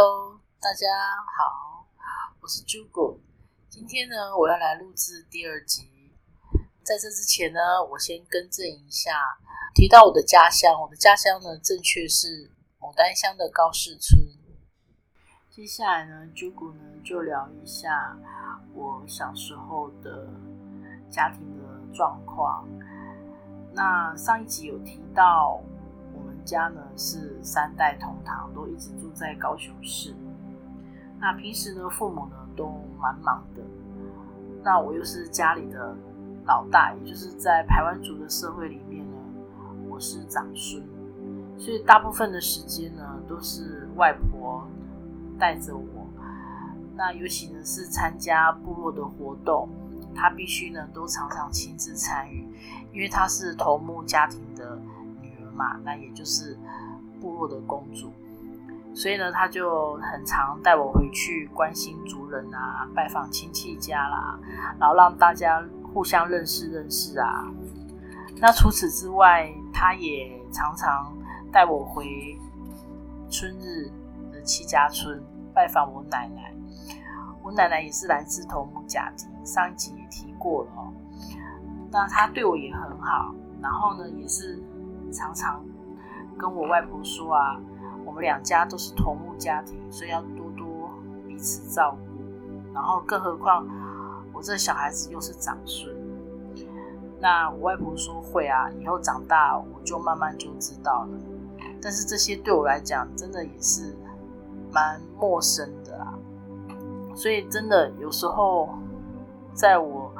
Hello，大家好，我是 Jugu。今天呢，我要來錄制第二集。在這之前呢，我先更正一下，提到我的家鄉，我的家鄉呢，正確是牡丹鄉的高士村。接下來呢，Jugu 呢就聊一下我小時候的家庭的狀況。那上一集有提到。家呢是三代同堂，都一直住在高雄市。那平時呢，父母呢都蠻忙的。那我又是家裡的老大，也就是在排灣族的社會裡面呢，我是長孫，所以大部分的時間呢都是外婆帶着我。那尤其呢是參加部落的活動，他必須呢都常常親自參與，因為他是頭目家庭的。那也就是部落的公主，所以呢，他就很常帶我回去關心族人啊，拜訪親戚家啦，然後讓大家互相認識認識啊。那除此之外，他也常常帶我回春日的七家村拜訪我奶奶。我奶奶也是來自頭目家庭，上一集也提過了。那他對我也很好，然後呢，也是。常常跟我外婆說啊，我們兩家都是同母家庭，所以要多多彼此照顧。然後，更何況我這小孩子又是長孫。那我外婆說會啊，以後長大我就慢慢就知道了。但是這些對我來講，真的也是蠻陌生的啊。所以，真的有時候，在我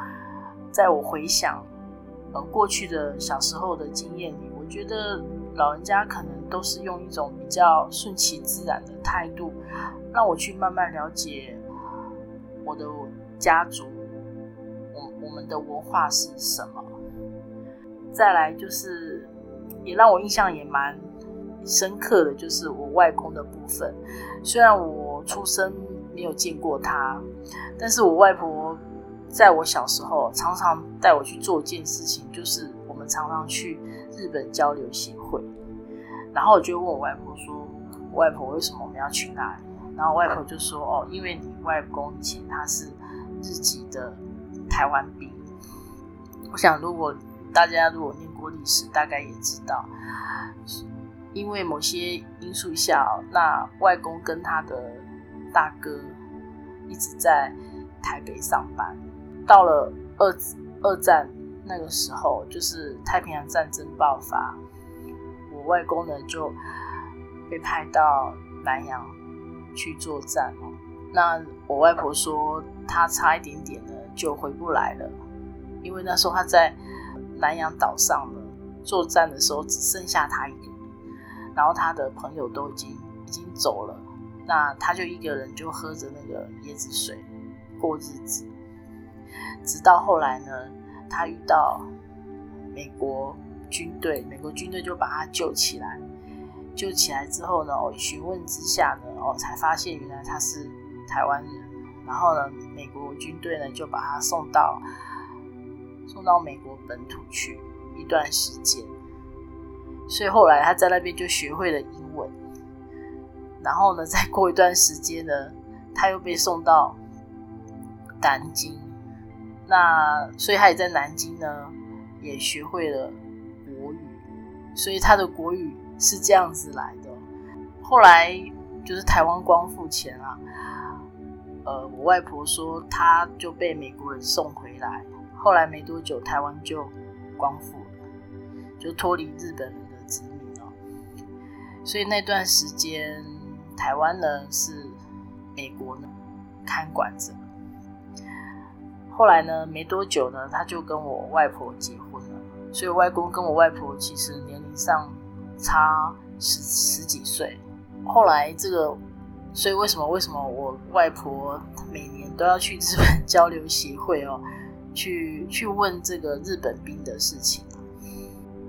在我回想呃過去的小時候的經驗裡面。裡。覺得老人家可能都是用一種比較順其自然的態度，讓我去慢慢了解我的家族，我我們的文化是什麼。再來就是也讓我印象也蠻深刻的，就是我外公的部分。雖然我出生沒有見過他，但是我外婆在我小時候常常帶我去做一件事情，就是我們常常去日本交流協會，然後我就問我外婆說：“我外婆，為什麼我們要去那裡？”然後外婆就說：“哦，因為你外公以前他是日籍的台灣兵。我想，如果大家如果念過歷史，大概也知道，因為某些因素下，那外公跟他的大哥一直在台北上班，到了二二戰。”那個時候，就是太平洋戰爭爆發，我外公呢就被派到南洋去作戰。那我外婆說，他差一點點呢就回不來了，因為那時候他在南洋島上呢作戰的時候只剩下他一個，然後他的朋友都已經已經走了，那他就一個人就喝着那個椰子水過日子，直到後來呢。他遇到美國軍隊，美國軍隊就把他救起來。救起來之後呢，哦，詢問之下呢，哦，才發現原來他是台灣人。然後呢，美國軍隊呢，就把他送到送到美國本土去一段時間。所以後來他在那邊就學會了英文。然後呢，再過一段時間呢，他又被送到南京。那所以他也在南京呢，也學會了國語，所以他的國語是這樣子來的。後來就是台灣光復前啊，呃，我外婆說他就被美國人送回來，後來沒多久台灣就光復了，就脫離日本人的殖民了，哦。所以那段時間臺灣呢是美國人看管着。後來呢，沒多久呢，他就跟我外婆結婚了。所以我外公跟我外婆其實年齡上差十十幾歲。後來這個，所以為什麼為什麼我外婆每年都要去日本交流協會哦，去去問這個日本兵的事情？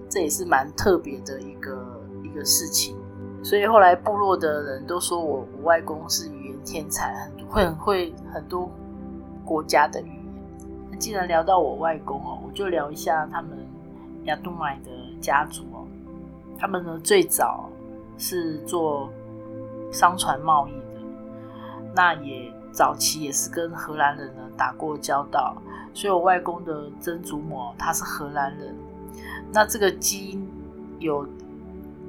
這也是蠻特別的一個一個事情。所以後來部落的人都說我我外公是語言天才，很會很會很多國家的語言。既然聊到我外公哦，我就聊一下他們亞東來的家族哦。他們呢最早是做商船貿易的，那也早期也是跟荷蘭人呢打過交道，所以我外公的曾祖母他是荷蘭人，那這個基因有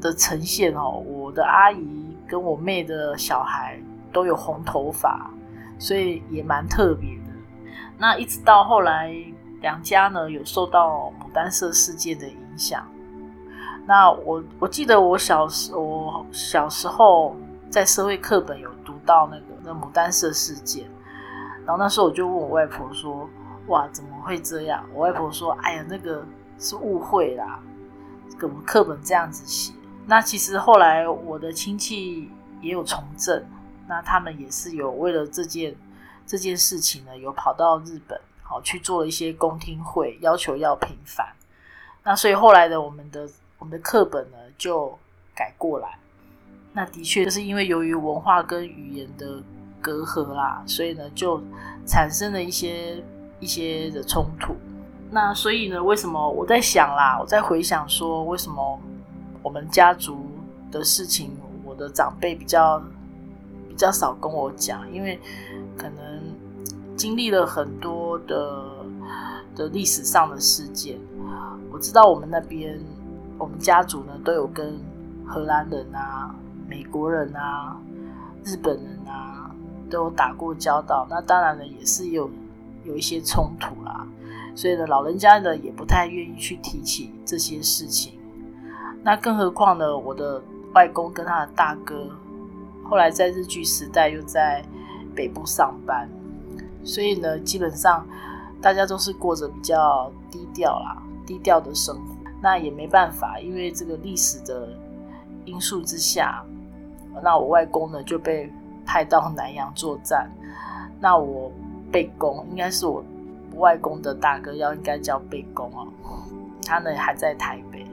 的呈現哦，我的阿姨跟我妹的小孩都有紅頭髮，所以也蠻特別的。那一直到後來，兩家呢有受到牡丹社事件的影響。那我我記得我小時我小時候在社會課本有讀到那個那牡丹社事件，然後那時候我就問我外婆說：“哇，怎麼會這樣？”我外婆說：“哎呀，那個是誤會啦，怎麼課本這樣子寫？”那其實後來我的親戚也有從政，那他們也是有為了這件。這件事情呢，有跑到日本，好去做了一些公聽會，要求要平反。那所以後來的我們的我們的課本呢，就改過來。那的確是因為由於文化跟語言的隔閡啦，所以呢就產生了一些一些的衝突。那所以呢，為什麼我在想啦，我在回想說，為什麼我們家族的事情，我的長輩比較。比較少跟我講，因為可能經歷了很多的的歷史上的事件。我知道我們那邊我們家族呢，都有跟荷蘭人啊、美國人啊、日本人啊都有打過交道。那當然呢，也是有有一些衝突啦。所以呢，老人家呢也不太願意去提起這些事情。那更何況呢，我的外公跟他的大哥。後來在日據時代又在北部上班，所以呢，基本上大家都是過着比較低調啦，低調的生活。那也沒辦法，因為這個歷史的因素之下，那我外公呢就被派到南洋作戰。那我伯公應該是我外公的大哥，要應該叫伯公哦，啊。他呢還在台北。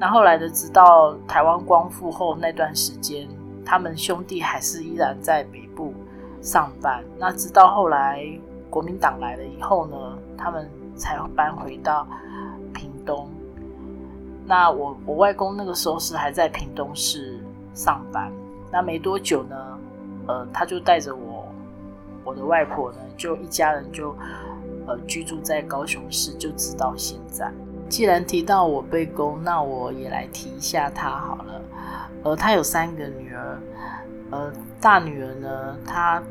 那後來呢，直到台灣光復後那段時間。他們兄弟還是依然在北部上班，那直到後來國民黨來了以後呢，他們才搬回到屏東。那我我外公那個時候是還在屏東市上班，那沒多久呢，呃，他就帶着我，我的外婆呢，就一家人就、呃、居住在高雄市，就直到現在。既然提到我外公，那我也來提一下他好了。呃，她有三個女兒，呃，大女兒呢，她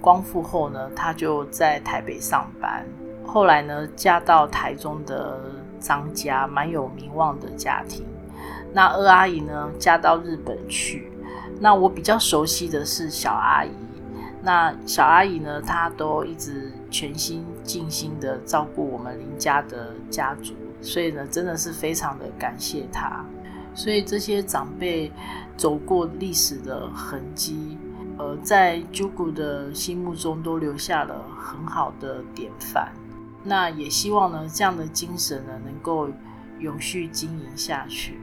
光復後呢，她就在台北上班，後來呢，嫁到台中的張家，蠻有名望的家庭。那二阿姨呢，嫁到日本去。那我比較熟悉的是小阿姨，那小阿姨呢，她都一直全心盡心地照顧我們林家的家族，所以呢，真的是非常的感謝她。所以這些長輩走過歷史的痕跡，呃，在朱古的心目中都留下了很好的典範。那也希望呢，這樣的精神呢，能夠永續經營下去。